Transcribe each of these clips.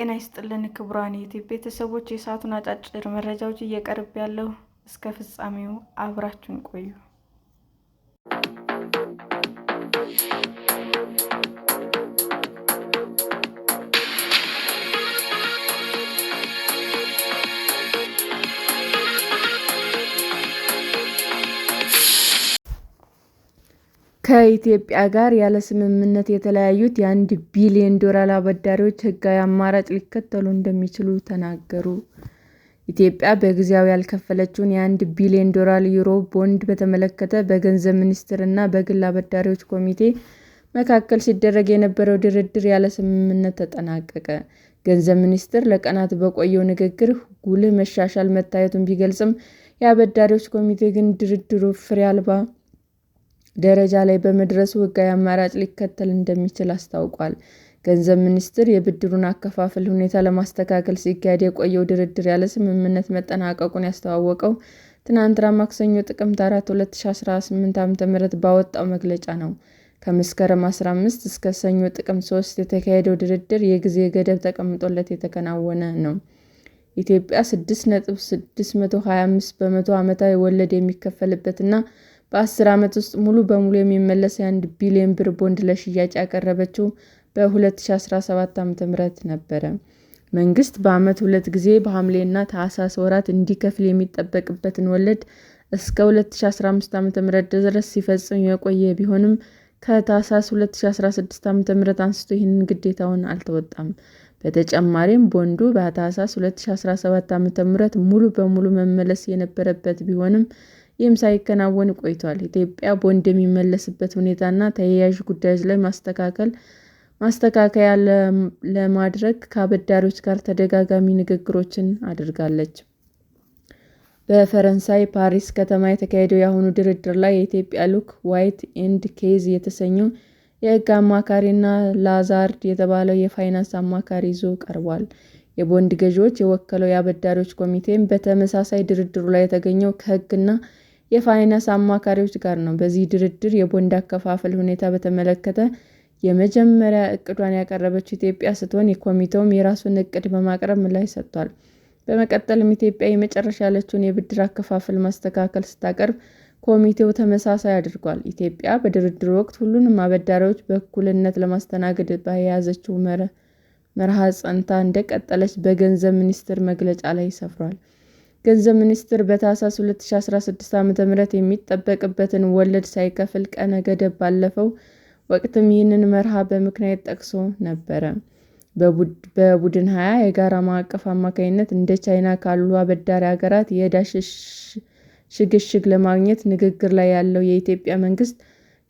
ጤና ይስጥልን ክቡራን ዩቲዩብ ቤተሰቦች፣ የሰዓቱን አጫጭር መረጃዎች እየቀርብ ያለው እስከ ፍጻሜው አብራችን ቆዩ። ከኢትዮጵያ ጋር ያለ ስምምነት የተለያዩት የአንድ ቢሊዮን ዶላር አበዳሪዎች ሕጋዊ አማራጭ ሊከተሉ እንደሚችሉ ተናገሩ። ኢትዮጵያ በጊዜያዊ ያልከፈለችውን የአንድ ቢሊዮን ዶላር ዩሮ ቦንድ በተመለከተ በገንዘብ ሚኒስቴር እና በግል አበዳሪዎች ኮሚቴ መካከል ሲደረግ የነበረው ድርድር ያለ ስምምነት ተጠናቀቀ። ገንዘብ ሚኒስቴር ለቀናት በቆየው ንግግር ጉልህ መሻሻል መታየቱን ቢገልጽም፣ የአበዳሪዎች ኮሚቴ ግን ድርድሩ ፍሬ አልባ ደረጃ ላይ በመድረሱ ሕጋዊ አማራጭ ሊከተል እንደሚችል አስታውቋል። ገንዘብ ሚኒስቴር የብድሩን አከፋፈል ሁኔታ ለማስተካከል ሲካሄድ የቆየው ድርድር ያለ ስምምነት መጠናቀቁን ያስተዋወቀው። ትናንት ማክሰኞ ጥቅምት 4 2018 ዓ.ም ባወጣው መግለጫ ነው። ከመስከረም 15 እስከ ሰኞ ጥቅምት 3 የተካሄደው ድርድር የጊዜ ገደብ ተቀምጦለት የተከናወነ ነው። ኢትዮጵያ 6.625 በመቶ ዓመታዊ ወለድ የሚከፈልበትና በአስር ዓመት ውስጥ ሙሉ በሙሉ የሚመለስ የአንድ ቢሊዮን ብር ቦንድ ለሽያጭ ያቀረበችው በ2017 ዓ.ም ነበረ። መንግስት በዓመት ሁለት ጊዜ በሐምሌና ታኅሣሥ ወራት እንዲከፍል የሚጠበቅበትን ወለድ እስከ 2015 ዓ.ም ድረስ ሲፈጽም የቆየ ቢሆንም ከታሳስ 2016 ዓ.ም አንስቶ ይህንን ግዴታውን አልተወጣም። በተጨማሪም ቦንዱ በታኅሣሥ 2017 ዓ.ም ሙሉ በሙሉ መመለስ የነበረበት ቢሆንም ይህም ሳይከናወን ቆይቷል። ኢትዮጵያ ቦንድ የሚመለስበት ሁኔታና ተያያዥ ጉዳዮች ላይ ማስተካከል ማስተካከያ ለማድረግ ከአበዳሪዎች ጋር ተደጋጋሚ ንግግሮችን አድርጋለች። በፈረንሳይ ፓሪስ ከተማ የተካሄደው የአሁኑ ድርድር ላይ የኢትዮጵያ ሉክ ዋይት ኤንድ ኬዝ የተሰኘው የሕግ አማካሪ እና ላዛርድ የተባለው የፋይናንስ አማካሪ ይዞ ቀርቧል። የቦንድ ገዢዎች የወከለው የአበዳሪዎች ኮሚቴም በተመሳሳይ ድርድሩ ላይ የተገኘው ከሕግና የፋይናንስ አማካሪዎች ጋር ነው። በዚህ ድርድር የቦንድ አከፋፈል ሁኔታ በተመለከተ የመጀመሪያ እቅዷን ያቀረበችው ኢትዮጵያ ስትሆን ኮሚቴውም የራሱን እቅድ በማቅረብ ምላሽ ሰጥቷል። በመቀጠልም ኢትዮጵያ የመጨረሻ ያለችውን የብድር አከፋፈል ማስተካከል ስታቀርብ ኮሚቴው ተመሳሳይ አድርጓል። ኢትዮጵያ በድርድሩ ወቅት ሁሉንም አበዳሪዎች በእኩልነት ለማስተናገድ በያዘችው መርሃ ጸንታ እንደቀጠለች በገንዘብ ሚኒስቴር መግለጫ ላይ ሰፍሯል። ገንዘብ ሚኒስቴር በታሳስ 2016 ዓ.ም የሚጠበቅበትን ወለድ ሳይከፍል ቀነ ገደብ ባለፈው ወቅትም ይህንን መርሃ በምክንያት ጠቅሶ ነበረ በቡድን ሀያ የጋራ ማዕቀፍ አማካኝነት እንደ ቻይና ካሉ አበዳሪ ሀገራት የዕዳ ሽግሽግ ለማግኘት ንግግር ላይ ያለው የኢትዮጵያ መንግስት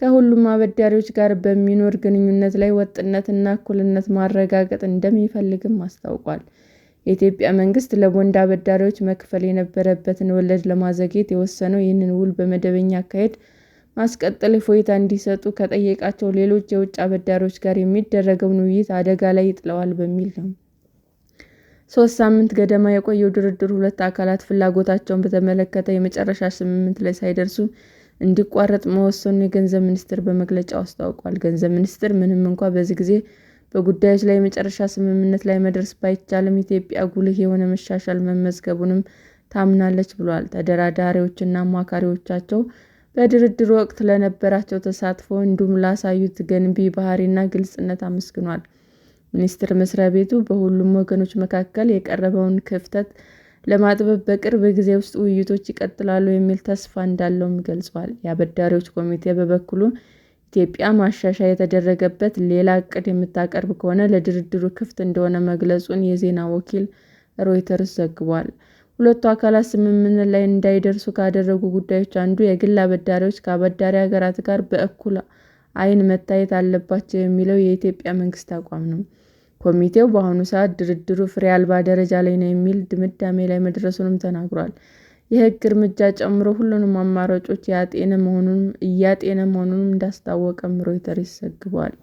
ከሁሉም አበዳሪዎች ጋር በሚኖር ግንኙነት ላይ ወጥነትና እኩልነት ማረጋገጥ እንደሚፈልግም አስታውቋል። የኢትዮጵያ መንግስት ለቦንድ አበዳሪዎች መክፈል የነበረበትን ወለድ ለማዘግየት የወሰነው ይህንን ውል በመደበኛ አካሄድ ማስቀጠል እፎይታ እንዲሰጡ ከጠየቃቸው ሌሎች የውጭ አበዳሪዎች ጋር የሚደረገውን ውይይት አደጋ ላይ ይጥለዋል በሚል ነው። ሶስት ሳምንት ገደማ የቆየው ድርድር ሁለት አካላት ፍላጎታቸውን በተመለከተ የመጨረሻ ስምምነት ላይ ሳይደርሱ እንዲቋረጥ መወሰኑን የገንዘብ ሚኒስቴር በመግለጫው አስታውቋል። ገንዘብ ሚኒስቴር ምንም እንኳ በዚህ ጊዜ በጉዳዮች ላይ የመጨረሻ ስምምነት ላይ መድረስ ባይቻልም ኢትዮጵያ ጉልህ የሆነ መሻሻል መመዝገቡንም ታምናለች ብሏል። ተደራዳሪዎችና አማካሪዎቻቸው በድርድር ወቅት ለነበራቸው ተሳትፎ እንዲሁም ላሳዩት ገንቢ ባህሪና ግልጽነት አመስግኗል። ሚኒስቴር መስሪያ ቤቱ በሁሉም ወገኖች መካከል የቀረበውን ክፍተት ለማጥበብ በቅርብ ጊዜ ውስጥ ውይይቶች ይቀጥላሉ የሚል ተስፋ እንዳለውም ገልጿል። የአበዳሪዎች ኮሚቴ በበኩሉ ኢትዮጵያ ማሻሻያ የተደረገበት ሌላ እቅድ የምታቀርብ ከሆነ ለድርድሩ ክፍት እንደሆነ መግለጹን የዜና ወኪል ሮይተርስ ዘግቧል። ሁለቱ አካላት ስምምነት ላይ እንዳይደርሱ ካደረጉ ጉዳዮች አንዱ የግል አበዳሪዎች ከአበዳሪ ሀገራት ጋር በእኩል ዓይን መታየት አለባቸው የሚለው የኢትዮጵያ መንግስት አቋም ነው። ኮሚቴው በአሁኑ ሰዓት ድርድሩ ፍሬ አልባ ደረጃ ላይ ነው የሚል ድምዳሜ ላይ መድረሱንም ተናግሯል። የህግ እርምጃ ጨምሮ ሁሉንም አማራጮች ያጤነ መሆኑንም እያጤነ መሆኑንም እንዳስታወቀም ሮይተርስ ዘግቧል።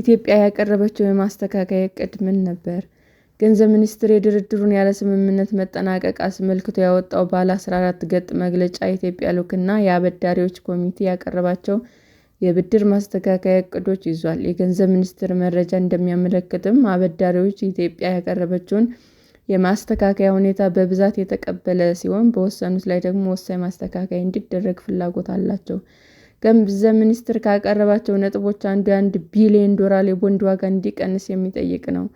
ኢትዮጵያ ያቀረበችው የማስተካከያ እቅድ ምን ነበር? ገንዘብ ሚኒስቴር የድርድሩን ያለ ስምምነት መጠናቀቅ አስመልክቶ ያወጣው ባለ 14 ገጽ መግለጫ የኢትዮጵያ ልዑክና የአበዳሪዎች ኮሚቴ ያቀረባቸው የብድር ማስተካከያ እቅዶች ይዟል። የገንዘብ ሚኒስቴር መረጃ እንደሚያመለክትም አበዳሪዎች ኢትዮጵያ ያቀረበችውን የማስተካከያ ሁኔታ በብዛት የተቀበለ ሲሆን በወሰኑት ላይ ደግሞ ወሳኝ ማስተካከያ እንዲደረግ ፍላጎት አላቸው። ገንዘብ ሚኒስቴር ካቀረባቸው ነጥቦች አንዱ የአንድ ቢሊዮን ዶላር የቦንድ ዋጋ እንዲቀንስ የሚጠይቅ ነው።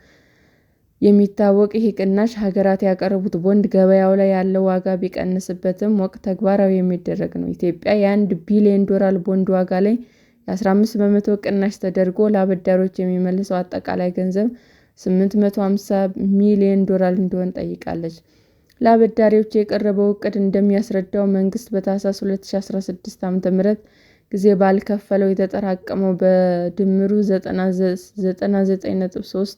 የሚታወቅ ይህ ቅናሽ ሀገራት ያቀረቡት ቦንድ ገበያው ላይ ያለው ዋጋ ቢቀንስበትም ወቅት ተግባራዊ የሚደረግ ነው። ኢትዮጵያ የአንድ ቢሊዮን ዶላር ቦንድ ዋጋ ላይ የ15 በመቶ ቅናሽ ተደርጎ ለአበዳሪዎች የሚመልሰው አጠቃላይ ገንዘብ 850 ሚሊዮን ዶላር እንዲሆን ጠይቃለች። ለአበዳሪዎች የቀረበው እቅድ እንደሚያስረዳው መንግስት በታሳ 2016 ዓ.ም ጊዜ ባልከፈለው የተጠራቀመው በድምሩ 99.3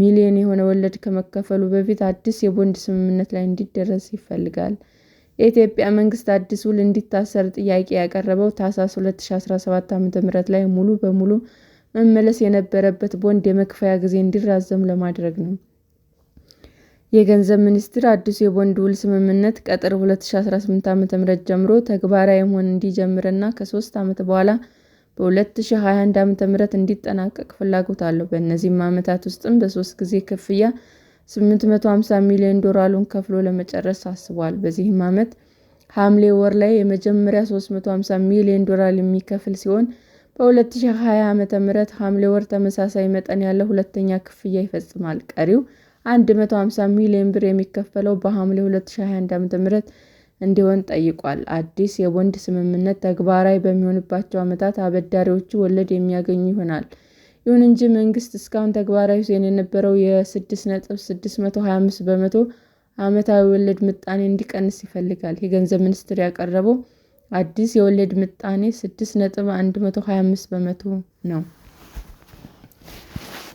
ሚሊዮን የሆነ ወለድ ከመከፈሉ በፊት አዲስ የቦንድ ስምምነት ላይ እንዲደረስ ይፈልጋል። የኢትዮጵያ መንግስት አዲስ ውል እንዲታሰር ጥያቄ ያቀረበው ታሳ 2017 ዓ.ም ላይ ሙሉ በሙሉ መመለስ የነበረበት ቦንድ የመክፈያ ጊዜ እንዲራዘም ለማድረግ ነው። የገንዘብ ሚኒስቴር አዲሱ የቦንድ ውል ስምምነት ቀጥር 2018 ዓ.ም ጀምሮ ተግባራዊ መሆን እንዲጀምርና ከሶስት ዓመት በኋላ በ2021 ዓ.ም እንዲጠናቀቅ ፍላጎት አለው። በእነዚህም ዓመታት ውስጥም በሶስት ጊዜ ክፍያ 850 ሚሊዮን ዶላሩን ከፍሎ ለመጨረስ አስቧል። በዚህም ዓመት ሐምሌ ወር ላይ የመጀመሪያ 350 ሚሊዮን ዶላር የሚከፍል ሲሆን በ2020 ዓ.ም ሐምሌ ወር ተመሳሳይ መጠን ያለው ሁለተኛ ክፍያ ይፈጽማል። ቀሪው 150 ሚሊዮን ብር የሚከፈለው በሐምሌ 2021 ዓ.ም እንዲሆን ጠይቋል። አዲስ የቦንድ ስምምነት ተግባራዊ በሚሆንባቸው ዓመታት አበዳሪዎቹ ወለድ የሚያገኙ ይሆናል። ይሁን እንጂ መንግስት እስካሁን ተግባራዊ ሲሆን የነበረው የ6.625 በመቶ ዓመታዊ ወለድ ምጣኔ እንዲቀንስ ይፈልጋል። የገንዘብ ሚኒስቴር ያቀረበው አዲስ የወለድ ምጣኔ 6.125 በመቶ ነው።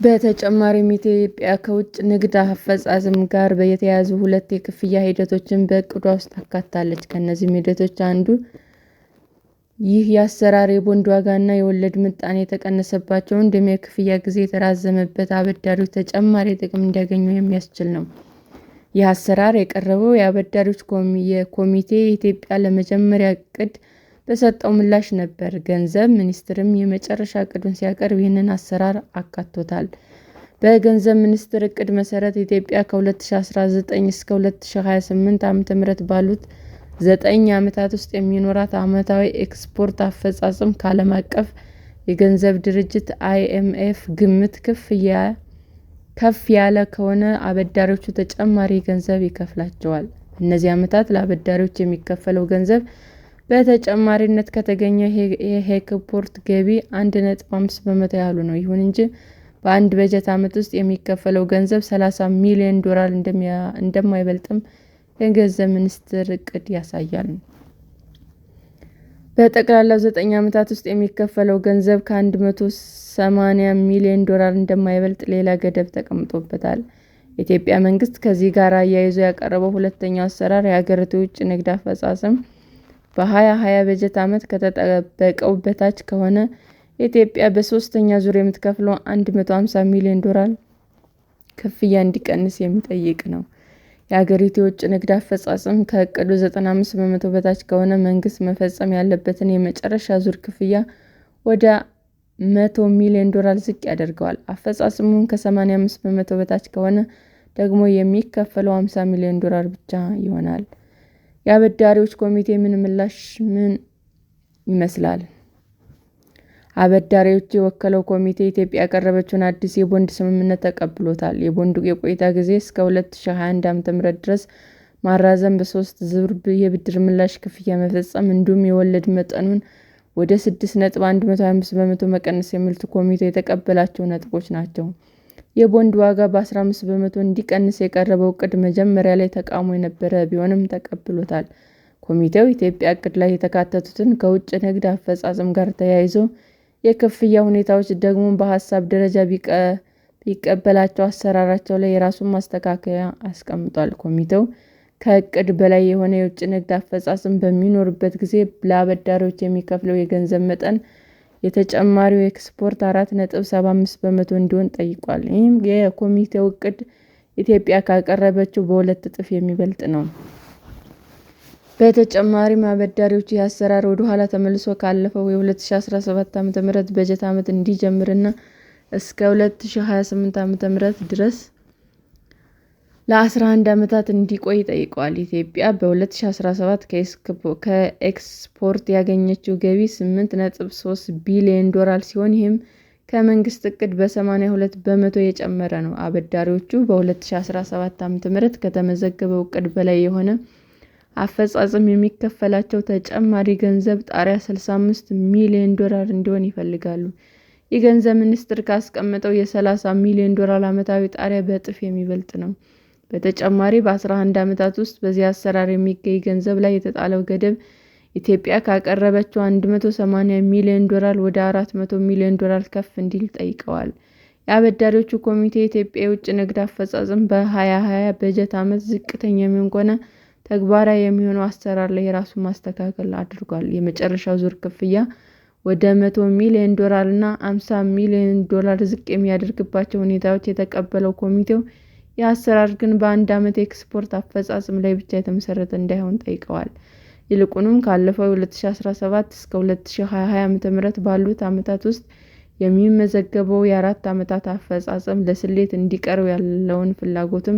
በተጨማሪም ኢትዮጵያ ከውጭ ንግድ አፈጻጸም ጋር የተያያዙ ሁለት የክፍያ ሂደቶችን በዕቅዷ ውስጥ አካታለች። ከእነዚህም ሂደቶች አንዱ ይህ የአሰራር የቦንድ ዋጋና የወለድ ምጣኔ የተቀነሰባቸውን እንዲሁም የክፍያ ጊዜ የተራዘመበት አበዳሪዎች ተጨማሪ ጥቅም እንዲያገኙ የሚያስችል ነው። ይህ አሰራር የቀረበው የአበዳሪዎች የኮሚቴ ኢትዮጵያ ለመጀመሪያ እቅድ በሰጠው ምላሽ ነበር። ገንዘብ ሚኒስቴርም የመጨረሻ እቅዱን ሲያቀርብ ይህንን አሰራር አካቶታል። በገንዘብ ሚኒስቴር እቅድ መሰረት ኢትዮጵያ ከ2019 እስከ 2028 ዓ.ም ባሉት ዘጠኝ ዓመታት ውስጥ የሚኖራት ዓመታዊ ኤክስፖርት አፈጻጸም ከዓለም አቀፍ የገንዘብ ድርጅት አይኤምኤፍ ግምት ክፍያ ከፍ ያለ ከሆነ አበዳሪዎቹ ተጨማሪ ገንዘብ ይከፍላቸዋል። በእነዚህ ዓመታት ለአበዳሪዎች የሚከፈለው ገንዘብ በተጨማሪነት ከተገኘው የሄክፖርት ገቢ 1.5 በመቶ ያህሉ ነው። ይሁን እንጂ በአንድ በጀት ዓመት ውስጥ የሚከፈለው ገንዘብ 30 ሚሊዮን ዶላር እንደማይበልጥም የገንዘብ ሚኒስቴር ዕቅድ ያሳያል። በጠቅላላው ዘጠኝ ዓመታት ውስጥ የሚከፈለው ገንዘብ ከ180 ሚሊዮን ዶላር እንደማይበልጥ ሌላ ገደብ ተቀምጦበታል። የኢትዮጵያ መንግስት ከዚህ ጋር አያይዞ ያቀረበው ሁለተኛው አሰራር የሀገሪቱ ውጭ ንግድ አፈጻጸም በ2020 በጀት ዓመት ከተጠበቀው በታች ከሆነ ኢትዮጵያ በሶስተኛ ዙር የምትከፍለው 150 ሚሊዮን ዶላር ክፍያ እንዲቀንስ የሚጠይቅ ነው። የአገሪቱ የውጭ ንግድ አፈጻጸም ከቅዱ 95 በመቶ በታች ከሆነ መንግስት መፈጸም ያለበትን የመጨረሻ ዙር ክፍያ ወደ 100 ሚሊዮን ዶላር ዝቅ ያደርገዋል። አፈጻጸሙም ከ85 በመቶ በታች ከሆነ ደግሞ የሚከፈለው 50 ሚሊዮን ዶላር ብቻ ይሆናል። የአበዳሪዎች ኮሚቴ ምን ምላሽ ምን ይመስላል? አበዳሪዎች የወከለው ኮሚቴ ኢትዮጵያ ያቀረበችውን አዲስ የቦንድ ስምምነት ተቀብሎታል። የቦንዱ የቆይታ ጊዜ እስከ 2021 ዓ.ም ድረስ ማራዘም፣ በሶስት ዙር የብድር ምላሽ ክፍያ መፈጸም እንዲሁም የወለድ መጠኑን ወደ 6.125 በመቶ መቀነስ የሚሉት ኮሚቴው የተቀበላቸው ነጥቦች ናቸው። የቦንድ ዋጋ በ15 በመቶ እንዲቀንስ የቀረበው እቅድ መጀመሪያ ላይ ተቃውሞ የነበረ ቢሆንም ተቀብሎታል። ኮሚቴው ኢትዮጵያ እቅድ ላይ የተካተቱትን ከውጭ ንግድ አፈጻጸም ጋር ተያይዞ የክፍያ ሁኔታዎች ደግሞ በሀሳብ ደረጃ ቢቀበላቸው አሰራራቸው ላይ የራሱን ማስተካከያ አስቀምጧል። ኮሚቴው ከእቅድ በላይ የሆነ የውጭ ንግድ አፈጻጸም በሚኖርበት ጊዜ ለአበዳሪዎች የሚከፍለው የገንዘብ መጠን የተጨማሪው ኤክስፖርት አራት ነጥብ ሰባ አምስት በመቶ እንዲሆን ጠይቋል። ይህም የኮሚቴው እቅድ ኢትዮጵያ ካቀረበችው በሁለት እጥፍ የሚበልጥ ነው። በተጨማሪም አበዳሪዎች ይህ አሰራር ወደ ኋላ ተመልሶ ካለፈው የ2017 ም በጀት ዓመት እንዲጀምርና እስከ 2028 ዓ.ም ድረስ ለ11 ዓመታት እንዲቆይ ጠይቀዋል። ኢትዮጵያ በ2017 ከኤክስፖርት ያገኘችው ገቢ 8.3 ቢሊዮን ዶላር ሲሆን ይህም ከመንግስት እቅድ በ82 በመቶ የጨመረ ነው። አበዳሪዎቹ በ2017 ዓ. ም ከተመዘገበው እቅድ በላይ የሆነ አፈጻጸም የሚከፈላቸው ተጨማሪ ገንዘብ ጣሪያ 65 ሚሊዮን ዶላር እንዲሆን ይፈልጋሉ። የገንዘብ ሚኒስቴር ካስቀመጠው የ30 ሚሊዮን ዶላር ዓመታዊ ጣሪያ በእጥፍ የሚበልጥ ነው። በተጨማሪ በ11 ዓመታት ውስጥ በዚህ አሰራር የሚገኝ ገንዘብ ላይ የተጣለው ገደብ ኢትዮጵያ ካቀረበችው 180 ሚሊዮን ዶላር ወደ 400 ሚሊዮን ዶላር ከፍ እንዲል ጠይቀዋል። የአበዳሪዎቹ ኮሚቴ የኢትዮጵያ የውጭ ንግድ አፈጻጸም በ2020 በጀት ዓመት ዝቅተኛ የሚሆን ከሆነ ተግባራዊ የሚሆነው አሰራር ላይ የራሱን ማስተካከል አድርጓል። የመጨረሻው ዙር ክፍያ ወደ 100 ሚሊዮን ዶላር እና 50 ሚሊዮን ዶላር ዝቅ የሚያደርግባቸው ሁኔታዎች የተቀበለው ኮሚቴው የአሰራር ግን በአንድ ዓመት የኤክስፖርት አፈጻጽም ላይ ብቻ የተመሰረተ እንዳይሆን ጠይቀዋል። ይልቁንም ካለፈው 2017 እስከ 2020 ዓ.ም ባሉት ዓመታት ውስጥ የሚመዘገበው የአራት ዓመታት አፈጻጸም ለስሌት እንዲቀርብ ያለውን ፍላጎትም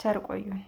ቸር ቆዩን።